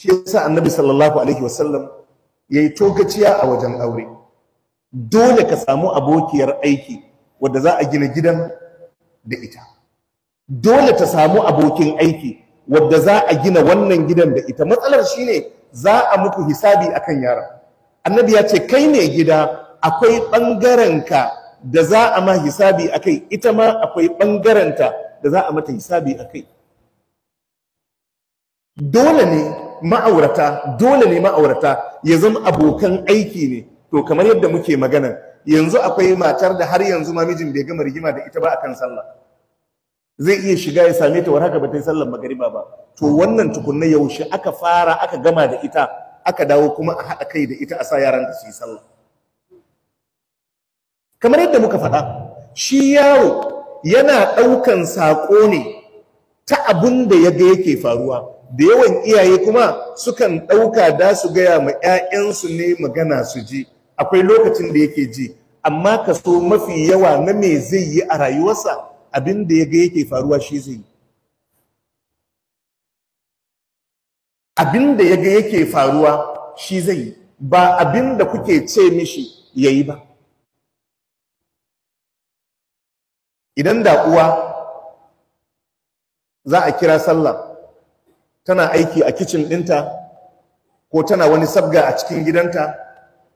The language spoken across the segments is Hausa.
shi yasa annabi sallallahu alaihi wasallam yayi togaciya a wajen aure dole ka samu abokiyar aiki wadda za a gina gidan da ita dole ta samu abokin aiki wadda za a gina wannan gidan da ita matsalar shine za a muku hisabi akan yaran annabi ya ce kai ne gida akwai ɓangarenka da za a ma hisabi akai ita ma akwai ɓangarenta da za a mata hisabi akai dole ne ma'aurata dole ne ma'aurata ya zama abokan aiki ne to kamar yadda muke magana yanzu akwai matar da har yanzu ma mijin bai gama rigima da ita ba akan sallah zai iya shiga ya same ta war haka ba ta yi sallar magariba ba to wannan tukunna yaushe aka fara aka gama da ita aka dawo kuma a haɗa kai da ita a sa yaran da su yi sallah kamar yadda muka faɗa shi yaro yana ɗaukan saƙo ne ta abun da ya ga yake faruwa da yawan iyaye kuma sukan ɗauka da su gaya ma 'ya'yansu ne magana su ji akwai lokacin da yake ji amma kaso mafi yawa na me zai yi a rayuwarsa abin da ya ga yake faruwa shi zai yi abin da ya ga yake faruwa shi zai yi ba abin da kuke ce mishi ya yi ba idan da uwa za a kira sallah tana aiki a kicin ɗinta ko tana wani sabga a cikin gidanta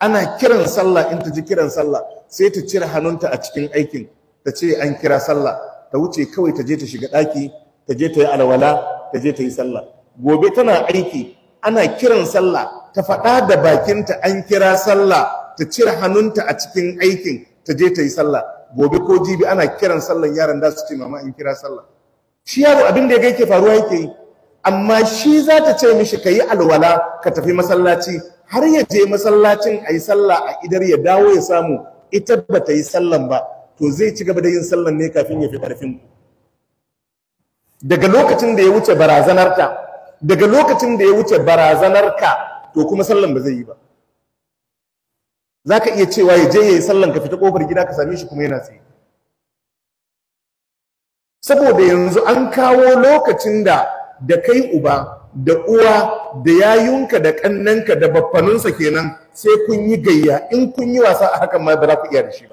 ana kiran sallah in ta ji kiran sallah sai ta cire hannunta a cikin aikin ta ce an kira sallah ta wuce kawai ta je ta shiga ɗaki ta je ta yi alwala ta je ta yi sallah gobe tana aiki ana kiran sallah ta faɗa da bakinta an kira sallah ta cire hannunta a cikin aikin ta je ta yi sallah gobe ko jibi ana kiran sallan yaran da su ce mama an kira sallah shi yaro abin da ya ga yake faruwa yake yi amma shi za ta ce mishi ka yi alwala ka tafi masallaci har ya je masallacin a yi sallah a idar ya dawo ya samu ita ba ta yi sallan ba to zai ci gaba da yin sallan ne kafin ya fi ƙarfin daga lokacin da ya wuce barazanarta daga lokacin da ya wuce barazanarka to kuma sallan ba zai yi ba za ka iya cewa ya je ya yi sallan ka fita ƙofar gida ka same shi kuma yana tsaye saboda yanzu an kawo lokacin da da kai uba da uwa da yayunka da kannanka da baffaninsa kenan sai kun yi gayya in kun yi wasa a hakan ma ba za ku iya da shi